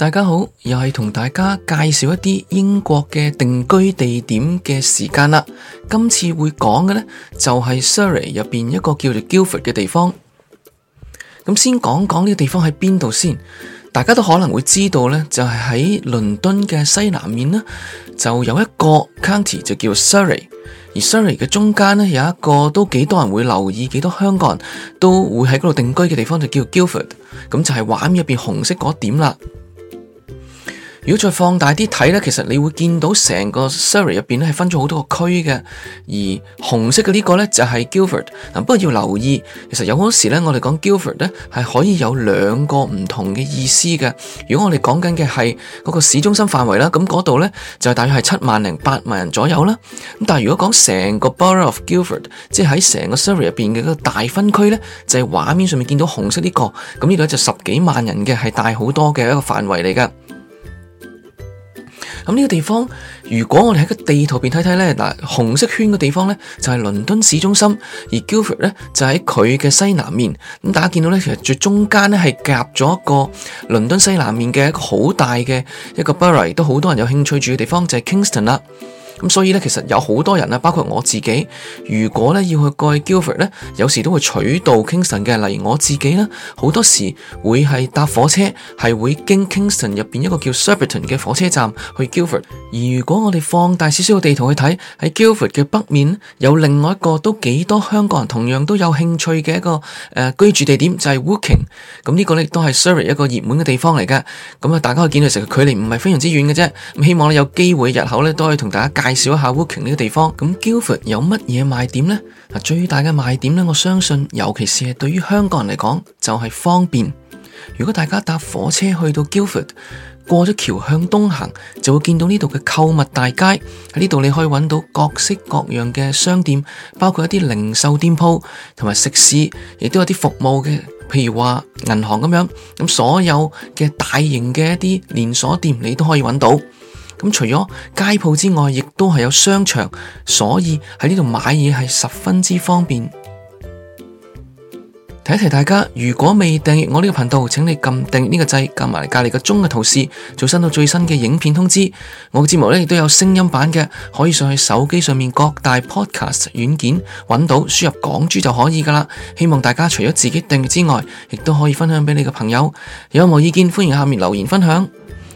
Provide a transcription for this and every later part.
大家好，又係同大家介紹一啲英國嘅定居地點嘅時間啦。今次會講嘅呢，就係、是、Surrey 入邊一個叫做 Guildford 嘅地方。咁先講講呢個地方喺邊度先，大家都可能會知道呢，就係、是、喺倫敦嘅西南面啦，就有一個 county 就叫 Surrey，而 Surrey 嘅中間呢，有一個都幾多人會留意，幾多香港人都會喺嗰度定居嘅地方就叫 Guildford。咁就係畫面入邊紅色嗰點啦。如果再放大啲睇咧，其實你會見到成個 Surrey 入邊咧係分咗好多個區嘅。而紅色嘅呢個咧就係 Guildford 嗱，不過要留意，其實有好多時咧，我哋講 Guildford 咧係可以有兩個唔同嘅意思嘅。如果我哋講緊嘅係嗰個市中心範圍啦，咁嗰度咧就係大約係七萬零八萬人左右啦。咁但係如果講成個 Borough of Guildford 即係喺成個 Surrey 入邊嘅嗰個大分區咧，就係畫面上面見到紅色呢個咁，呢個就十幾萬人嘅，係大好多嘅一個範圍嚟噶。咁呢個地方，如果我哋喺個地圖入邊睇睇呢，嗱紅色圈嘅地方呢，就係、是、倫敦市中心，而 Guildford 呢，就喺佢嘅西南面。咁大家見到呢，其實最中間呢，係夾咗一個倫敦西南面嘅一個好大嘅一個 Borough 都好多人有興趣住嘅地方就係、是、Kingston 啦。咁所以咧，其實有好多人咧，包括我自己，如果咧要去蓋 Guildford 咧，有時都會取道 Kingston 嘅。例如我自己咧，好多時會係搭火車，係會經 Kingston 入邊一個叫 Surbiton 嘅火車站去 Guildford。而如果我哋放大少少個地圖去睇，喺 Guildford 嘅北面有另外一個都幾多香港人同樣都有興趣嘅一個誒、呃、居住地點就係、是、Woking。咁、嗯這個、呢個咧都係 Surrey 一個熱門嘅地方嚟嘅，咁、嗯、啊，大家可以見到成個距離唔係非常之遠嘅啫。咁希望咧有機會日後咧都可以同大家。介紹一下 Woking 呢個地方，咁 Guildford 有乜嘢賣點呢？啊，最大嘅賣點呢，我相信，尤其是係對於香港人嚟講，就係、是、方便。如果大家搭火車去到 Guildford，過咗橋向東行，就會見到呢度嘅購物大街喺呢度，你可以揾到各式各樣嘅商店，包括一啲零售店鋪同埋食肆，亦都有啲服務嘅，譬如話銀行咁樣，咁所有嘅大型嘅一啲連鎖店，你都可以揾到。咁除咗街鋪之外，亦都係有商場，所以喺呢度買嘢係十分之方便。提一提大家，如果未訂閱我呢個頻道，請你撳訂閱呢個掣，加埋隔籬個鐘嘅圖示，做新到最新嘅影片通知。我嘅節目呢亦都有聲音版嘅，可以上去手機上面各大 Podcast 軟件揾到，輸入港珠就可以噶啦。希望大家除咗自己訂閱之外，亦都可以分享俾你嘅朋友。有冇意見？歡迎下面留言分享。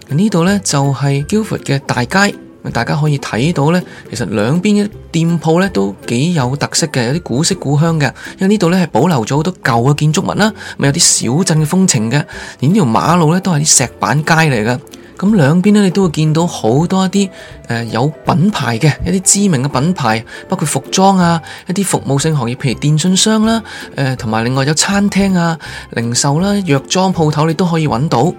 呢度呢，就係 Guildford 嘅大街，大家可以睇到呢，其實兩邊嘅店鋪呢都幾有特色嘅，有啲古色古香嘅。因為呢度呢，係保留咗好多舊嘅建築物啦，咪有啲小鎮嘅風情嘅。連呢條馬路呢，都係啲石板街嚟㗎。咁兩邊呢，你都會見到好多一啲誒有品牌嘅一啲知名嘅品牌，包括服裝啊，一啲服務性行業，譬如電信商啦、啊，誒同埋另外有餐廳啊、零售啦、啊、藥妝鋪頭，你都可以揾到。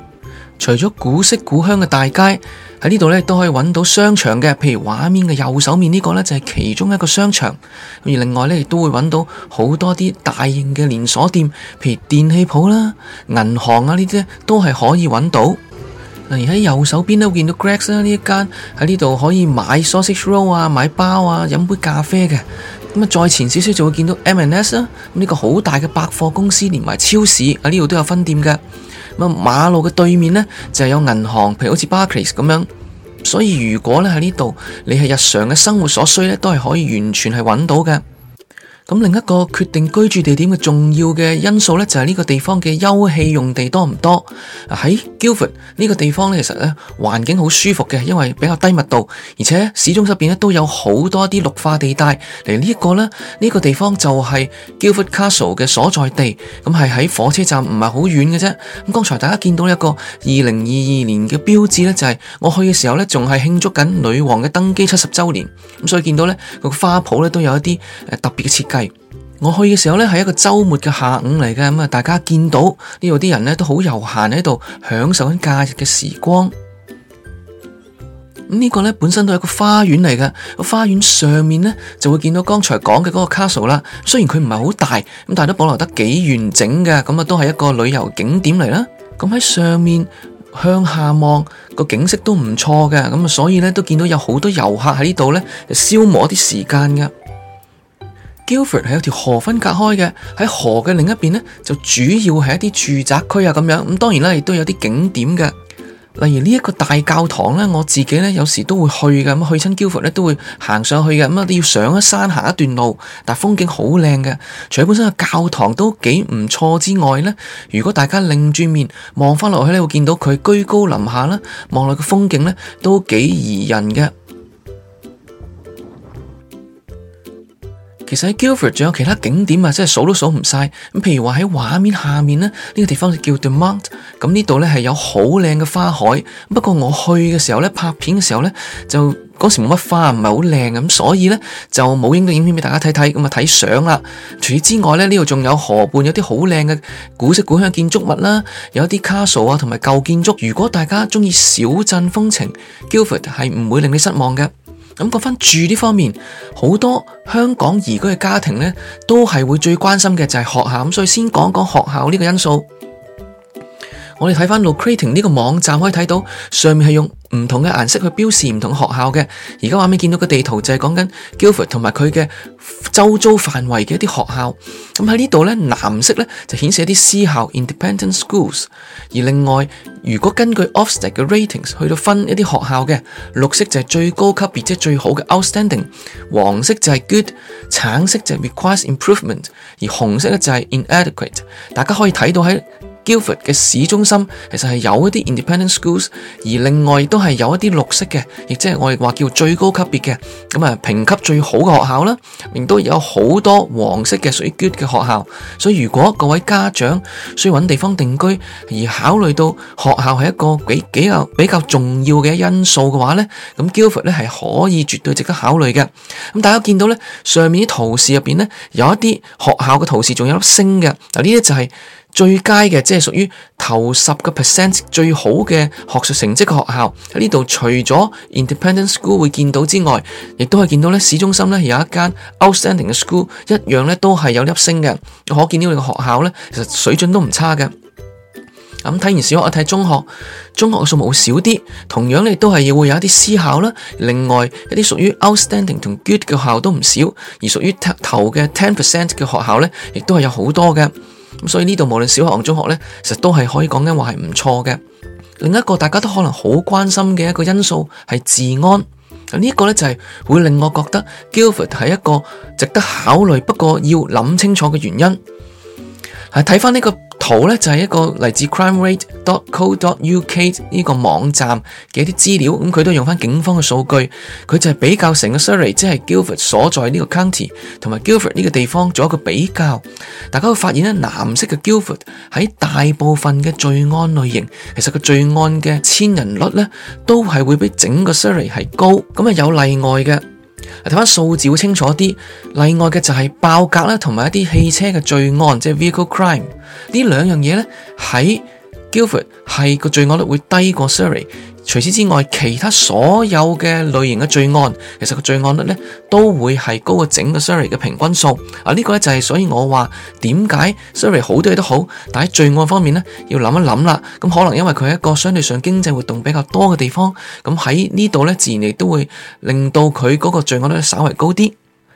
除咗古色古香嘅大街喺呢度咧，都可以揾到商場嘅，譬如畫面嘅右手面呢個咧就係其中一個商場。而另外咧亦都會揾到好多啲大型嘅連鎖店，譬如電器鋪啦、銀行啊呢啲都係可以揾到。而喺右手邊都見到 Greggs 啦，呢一間喺呢度可以買 Sausage Roll 啊、買包啊、飲杯咖啡嘅。咁啊，再前少少就會見到 M&S 啦，呢個好大嘅百貨公司連埋超市喺呢度都有分店嘅。咁馬路嘅對面咧就係有銀行，譬如好似 Barclays 咁樣，所以如果咧喺呢度，你係日常嘅生活所需咧，都係可以完全係揾到嘅。咁另一個決定居住地點嘅重要嘅因素呢，就係呢個地方嘅休憩用地多唔多。喺 Guildford 呢個地方呢，其實呢環境好舒服嘅，因為比較低密度，而且市中心邊呢都有好多啲綠化地帶。嚟呢一個呢，呢、呢個地方就係 Guildford Castle 嘅所在地，咁係喺火車站唔係好遠嘅啫。咁剛才大家見到一個二零二二年嘅標誌呢，就係我去嘅時候呢，仲係慶祝緊女王嘅登基七十周年。咁所以見到呢個花圃呢，都有一啲特別嘅設計。我去嘅時候咧，係一個周末嘅下午嚟嘅，咁啊，大家見到呢度啲人呢，都好悠閒喺度享受緊假日嘅時光。呢、呢個呢,本身都係一個花園嚟嘅，個花園上面呢,就會見到剛才講嘅嗰個 castle 啦。雖然佢唔係好大,咁但係都保留得幾完整嘅,咁啊都係一個旅遊景點嚟啦。咁喺上面向下望個景色都唔錯嘅,咁啊所以呢,都見到有好多遊客喺呢度呢消磨一啲時間嘅。Guildford 係有條河分隔開嘅，喺河嘅另一邊呢，就主要係一啲住宅區啊咁樣，咁當然啦，亦都有啲景點嘅，例如呢一個大教堂呢，我自己呢，有時都會去嘅，咁去親 Guildford 咧都會行上去嘅，咁啊要上一山行一段路，但風景好靚嘅，除咗本身嘅教堂都幾唔錯之外呢，如果大家擰住面望翻落去呢，會見到佢居高臨下啦，望落個風景呢，都幾宜人嘅。其實喺 Guildford 仲有其他景點啊，真係數都數唔晒。譬如話喺畫面下面呢，呢、這個地方叫 The Mount，咁呢度咧係有好靚嘅花海。不過我去嘅時候呢，拍片嘅時候呢，就嗰時冇乜花，唔係好靚咁，所以呢，就冇影到影片俾大家睇睇。咁啊睇相啦。除此之外呢，呢度仲有河畔，有啲好靚嘅古色古香建築物啦，有一啲 Castle 啊，同埋舊建築。如果大家中意小鎮風情，Guildford 係唔會令你失望嘅。咁講翻住呢方面，好多香港移居嘅家庭呢都係會最關心嘅就係學校，咁所以先講講學校呢個因素。我哋睇翻 Locrating 呢個網站可以睇到，上面係用。唔同嘅顏色去標示唔同學校嘅，而家畫面見到個地圖就係講緊 Guildford 同埋佢嘅周遭範圍嘅一啲學校。咁喺呢度呢，藍色呢就顯示一啲私校 Independent Schools。而另外，如果根據 Ofsted 嘅 ratings 去到分一啲學校嘅，綠色就係最高級，即係最好嘅 Outstanding；黃色就係 Good；橙色就係 Requires Improvement；而紅色呢，就係 Inadequate。大家可以睇到喺。Guildford 嘅市中心其實係有一啲 independent schools，而另外都係有一啲綠色嘅，亦即係我哋話叫最高級別嘅，咁啊評級最好嘅學校啦，亦都有好多黃色嘅屬於 good 嘅學校，所以如果各位家長需要揾地方定居，而考慮到學校係一個幾比較比較重要嘅因素嘅話呢，咁 Guildford 呢係可以絕對值得考慮嘅。咁大家見到呢，上面啲圖示入邊呢，有一啲學校嘅圖示仲有粒星嘅，嗱呢啲就係、是。最佳嘅即係屬於頭十個 percent 最好嘅學術成績嘅學校喺呢度除咗 Independent School 會見到之外，亦都係見到咧市中心咧有一間 Outstanding 嘅 School，一樣咧都係有粒星嘅，可見到你個學校咧其實水準都唔差嘅。咁、嗯、睇完小學，一睇中學，中學嘅數目會少啲，同樣你都係會有一啲私校啦。另外一啲屬於 Outstanding 同 Good 嘅學校都唔少，而屬於頭嘅 ten percent 嘅學校咧，亦都係有好多嘅。所以呢度無論小學同中學呢，其實都係可以講緊話係唔錯嘅。另一個大家都可能好關心嘅一個因素係治安，啊、這、呢個呢，就係會令我覺得 Guildford 係一個值得考慮，不過要諗清楚嘅原因。係睇翻呢個，圖咧就係、是、一個嚟自 crime、er、rate dot co dot uk 呢個網站嘅一啲資料，咁佢都用翻警方嘅數據，佢就係比較成個 Surrey 即係 Guildford 所在呢個 county 同埋 Guildford 呢個地方做一個比較，大家會發現咧藍色嘅 Guildford 喺大部分嘅罪案類型，其實個罪案嘅千人率咧都係會比整個 Surrey 係高，咁啊有例外嘅。睇返數字會清楚啲，例外嘅就係爆格啦，同埋一啲汽車嘅罪案，即係 vehicle crime 呢兩樣嘢咧，喺 Guildford 係個罪案率會低過 Surrey。除此之外，其他所有嘅類型嘅罪案，其實個罪案率呢都會係高過整個 Surrey 嘅平均數。啊、這個，呢個咧就係、是、所以我話點解 Surrey 好多嘢都好，但喺罪案方面呢要諗一諗啦。咁可能因為佢係一個相對上經濟活動比較多嘅地方，咁喺呢度咧自然亦都會令到佢嗰個罪案率稍微高啲。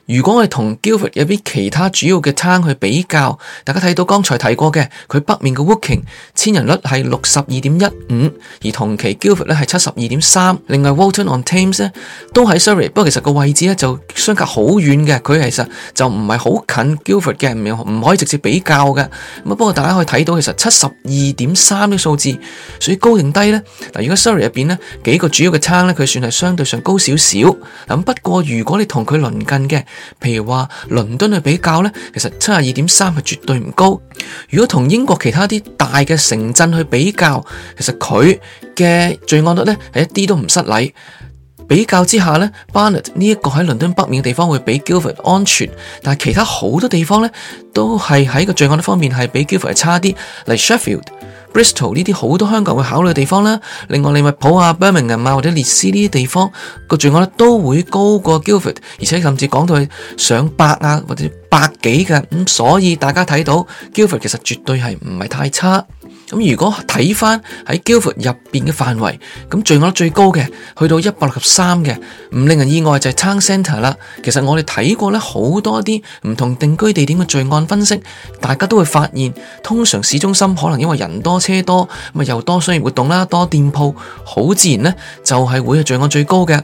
如果我哋同 Guildford 入邊其他主要嘅 town 去比較，大家睇到剛才提過嘅，佢北面嘅 Woking 千人率係六十二點一五，而同期 Guildford 咧係七十二點三。另外 Walton on Thames 咧都喺 Surrey，不過其實個位置咧就相隔好遠嘅，佢其實就唔係好近 Guildford 嘅，唔可以直接比較嘅。不過大家可以睇到其實七十二點三啲數字屬於高定低呢？嗱，如果 Surrey 入邊呢幾個主要嘅 town 咧，佢算係相對上高少少。咁不過如果你同佢鄰近嘅，譬如話倫敦去比較咧，其實七十二點三係絕對唔高。如果同英國其他啲大嘅城鎮去比較，其實佢嘅罪案率咧係一啲都唔失禮。比較之下呢 Barnet 呢一個喺倫敦北面嘅地方會比 Guildford 安全，但係其他好多地方呢都係喺個罪案方面係比 Guildford 差啲，例如 Sheffield、Bristol 呢啲好多香港會考慮嘅地方啦。另外利物浦啊、Birmingham 啊或者列斯呢啲地方個罪案咧都會高過 Guildford 而且甚至講到去上百啊或者百幾嘅咁，所以大家睇到 Guildford 其實絕對係唔係太差。咁如果睇翻喺 Guildford 入邊嘅範圍，咁罪案率最高嘅，去到一百六十三嘅，唔令人意外就係 Town Centre 啦。其實我哋睇過呢好多啲唔同定居地點嘅罪案分析，大家都會發現，通常市中心可能因為人多車多，咪又多商業活動啦，多店鋪，好自然呢就係、是、會係罪案最高嘅。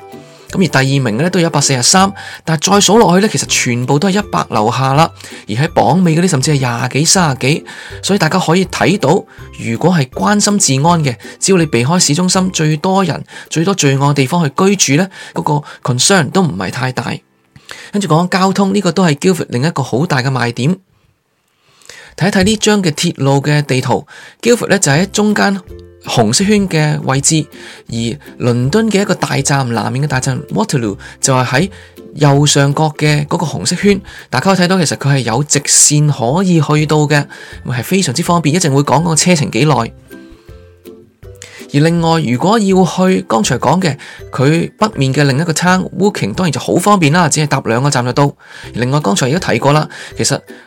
咁而第二名咧都有一百四十三，但係再數落去咧，其實全部都係一百樓下啦。而喺榜尾嗰啲甚至係廿幾、卅幾，所以大家可以睇到，如果係關心治安嘅，只要你避開市中心最多人、最多罪案嘅地方去居住咧，嗰個 concern 都唔係太大。跟住講交通呢個都係 Guildford 另一個好大嘅賣點。睇一睇呢張嘅鐵路嘅地圖，Guildford 呢就喺、是、中間紅色圈嘅位置，而倫敦嘅一個大站南面嘅大站 Waterloo 就係喺右上角嘅嗰個紅色圈。大家可以睇到，其實佢係有直線可以去到嘅，係非常之方便。一陣會講講車程幾耐。而另外，如果要去剛才講嘅佢北面嘅另一個站 Woking 當然就好方便啦，只係搭兩個站就到。另外，剛才亦都提過啦，其實。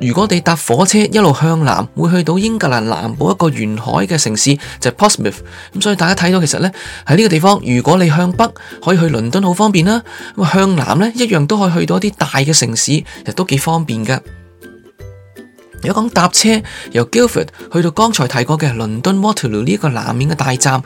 如果你搭火車一路向南，會去到英格蘭南部一個沿海嘅城市，就係 Portsmouth。咁所以大家睇到其實呢，喺呢個地方，如果你向北可以去倫敦，好方便啦。咁向南呢，一樣都可以去到一啲大嘅城市，亦都幾方便嘅。嗯、如果講搭車由 Guildford 去到剛才提過嘅倫敦 Waterloo 呢一個南面嘅大站。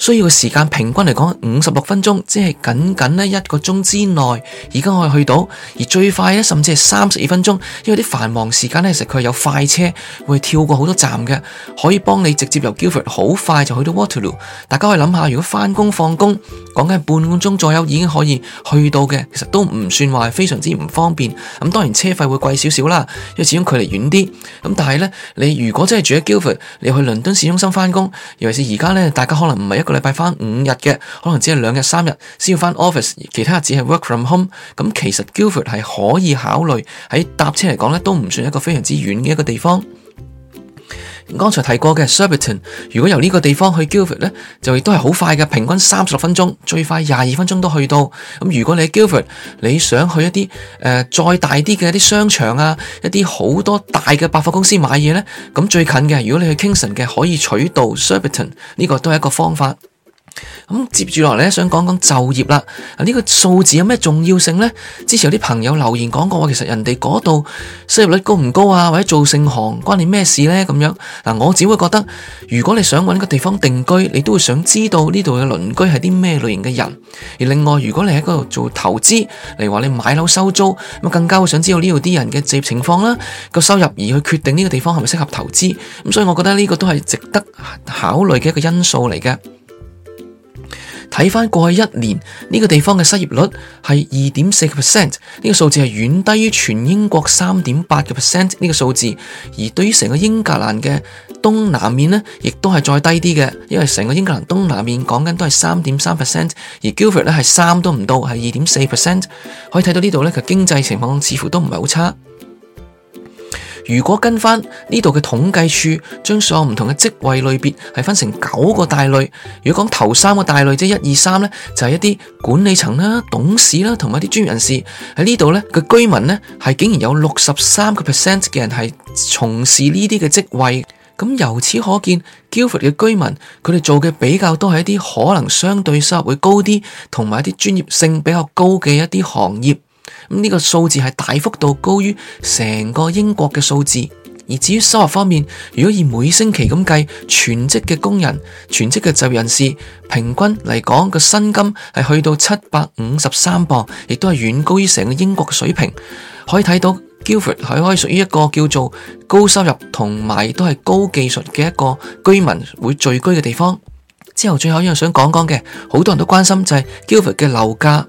需要嘅時間平均嚟講五十六分鐘，即係僅僅呢一個鐘之內，已經可以去到。而最快呢，甚至係三十二分鐘，因為啲繁忙時間呢，其實佢係有快車會跳過好多站嘅，可以幫你直接由 Guildford 好快就去到 Waterloo。大家可以諗下，如果翻工放工，講緊係半個鐘左右已經可以去到嘅，其實都唔算話係非常之唔方便。咁當然車費會貴少少啦，因為始終距離遠啲。咁但係呢，你如果真係住喺 Guildford 你去倫敦市中心翻工，尤其是而家呢，大家可能唔係一個個禮拜返五日嘅，可能只係兩日三日先要返 office，其他只係 work from home。咁其實 Guildford 係可以考慮，喺搭車嚟講呢，都唔算一個非常之遠嘅一個地方。剛才提過嘅 Surbiton 如果由呢個地方去 Guildford 就亦都係好快嘅，平均三十分鐘，最快廿二分鐘都去到。如果你喺 Guildford 你想去一啲、呃、再大啲嘅一啲商場啊，一啲好多大嘅百貨公司買嘢咧，咁最近嘅如果你去 Kingston 嘅可以取到 Surbiton 呢個都係一個方法。接住落嚟想講講就業啦。呢個數字有咩重要性呢？之前有啲朋友留言講過，其實人哋嗰度收入率高唔高啊，或者做盛行關你咩事呢？咁樣嗱，我只會覺得，如果你想搵個地方定居，你都會想知道呢度嘅鄰居係啲咩類型嘅人。而另外，如果你喺嗰度做投資，例如話你買樓收租，咁更加會想知道呢度啲人嘅職業情況啦，個收入而去決定呢個地方係咪適合投資。咁所以我覺得呢個都係值得考慮嘅一個因素嚟嘅。睇翻過去一年呢、這個地方嘅失業率係二點四個 percent，呢個數字係遠低於全英國三點八個 percent 呢個數字。而對於成個英格蘭嘅東南面呢，亦都係再低啲嘅，因為成個英格蘭東南面講緊都係三點三 percent，而 Guildford 呢咧係三都唔到，係二點四 percent。可以睇到呢度咧嘅經濟情況似乎都唔係好差。如果跟翻呢度嘅統計處，將所有唔同嘅職位類別係分成九個大類。如果講頭三個大類，即係一二三咧，就係一啲管理層啦、董事啦，同埋一啲專業人士喺呢度咧嘅居民咧，係竟然有六十三個 percent 嘅人係從事呢啲嘅職位。咁由此可見 Guildford 嘅居民佢哋做嘅比較都係一啲可能相對收入會高啲，同埋一啲專業性比較高嘅一啲行業。呢個數字係大幅度高於成個英國嘅數字，而至於收入方面，如果以每星期咁計，全職嘅工人、全職嘅就業人士，平均嚟講個薪金係去到七百五十三磅，亦都係遠高於成個英國嘅水平。可以睇到 Guildford 係可以屬於一個叫做高收入同埋都係高技術嘅一個居民會聚居嘅地方。之後最後一樣想講講嘅，好多人都關心就係 Guildford 嘅樓價。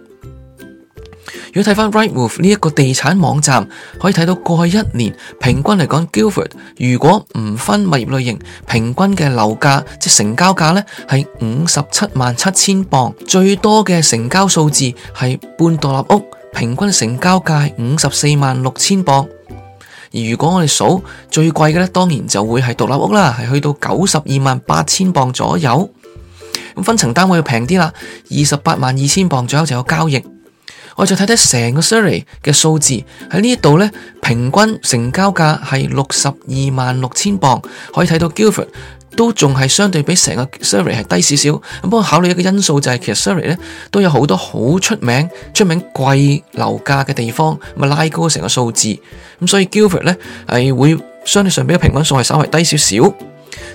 如果睇翻 Rightmove 呢一個地產網站，可以睇到過去一年平均嚟講，Guildford 如果唔分物業類型，平均嘅樓價即成交價呢係五十七萬七千磅，最多嘅成交數字係半獨立屋，平均成交價五十四萬六千磅。而如果我哋數最貴嘅呢當然就會係獨立屋啦，係去到九十二萬八千磅左右。咁分層單位要平啲啦，二十八萬二千磅左右就有交易。我再睇睇成個 Surrey 嘅數字喺呢度咧，平均成交價係六十二萬六千磅，可以睇到 Guildford 都仲係相對比成個 Surrey 係低少少。咁不過考慮一個因素就係、是、其實 Surrey 咧都有好多好出名、出名貴樓價嘅地方，咪拉高成個數字。咁所以 Guildford 咧係會相對上比個平均數係稍微低少少。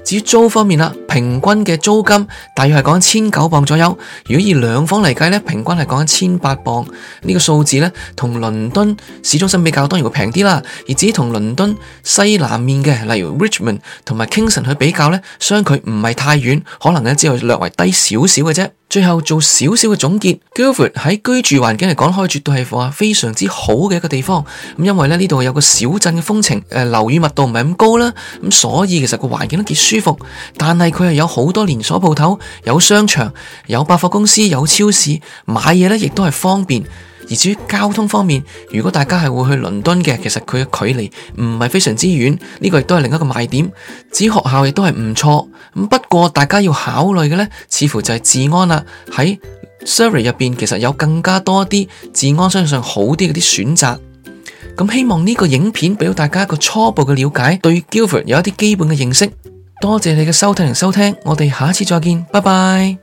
至於租方面啦，平均嘅租金大約係講緊千九磅左右。如果以兩房嚟計咧，平均係講緊千八磅。呢個數字咧，同倫敦市中心比較當然會平啲啦。而至於同倫敦西南面嘅，例如 Richmond 同埋 Kingston 去比較咧，相距唔係太遠，可能咧只有略為低少少嘅啫。最後做少少嘅總結，Guildford 喺居住環境嚟講開，絕對係話非常之好嘅一個地方。咁因為咧呢度有個小鎮嘅風情，誒、呃，樓宇密度唔係咁高啦，咁所以其實個環境都幾舒服。但係佢係有好多連鎖鋪頭，有商場，有百貨公司，有超市，買嘢咧亦都係方便。而至於交通方面，如果大家係會去倫敦嘅，其實佢嘅距離唔係非常之遠，呢個亦都係另一個賣點。至於學校亦都係唔錯，咁不過大家要考慮嘅呢，似乎就係治安啦。喺 Surrey 入邊，其實有更加多啲治安相信好啲嘅啲選擇。咁希望呢個影片俾到大家一個初步嘅了解，對 Guildford 有一啲基本嘅認識。多謝你嘅收聽同收聽，我哋下一次再見，拜拜。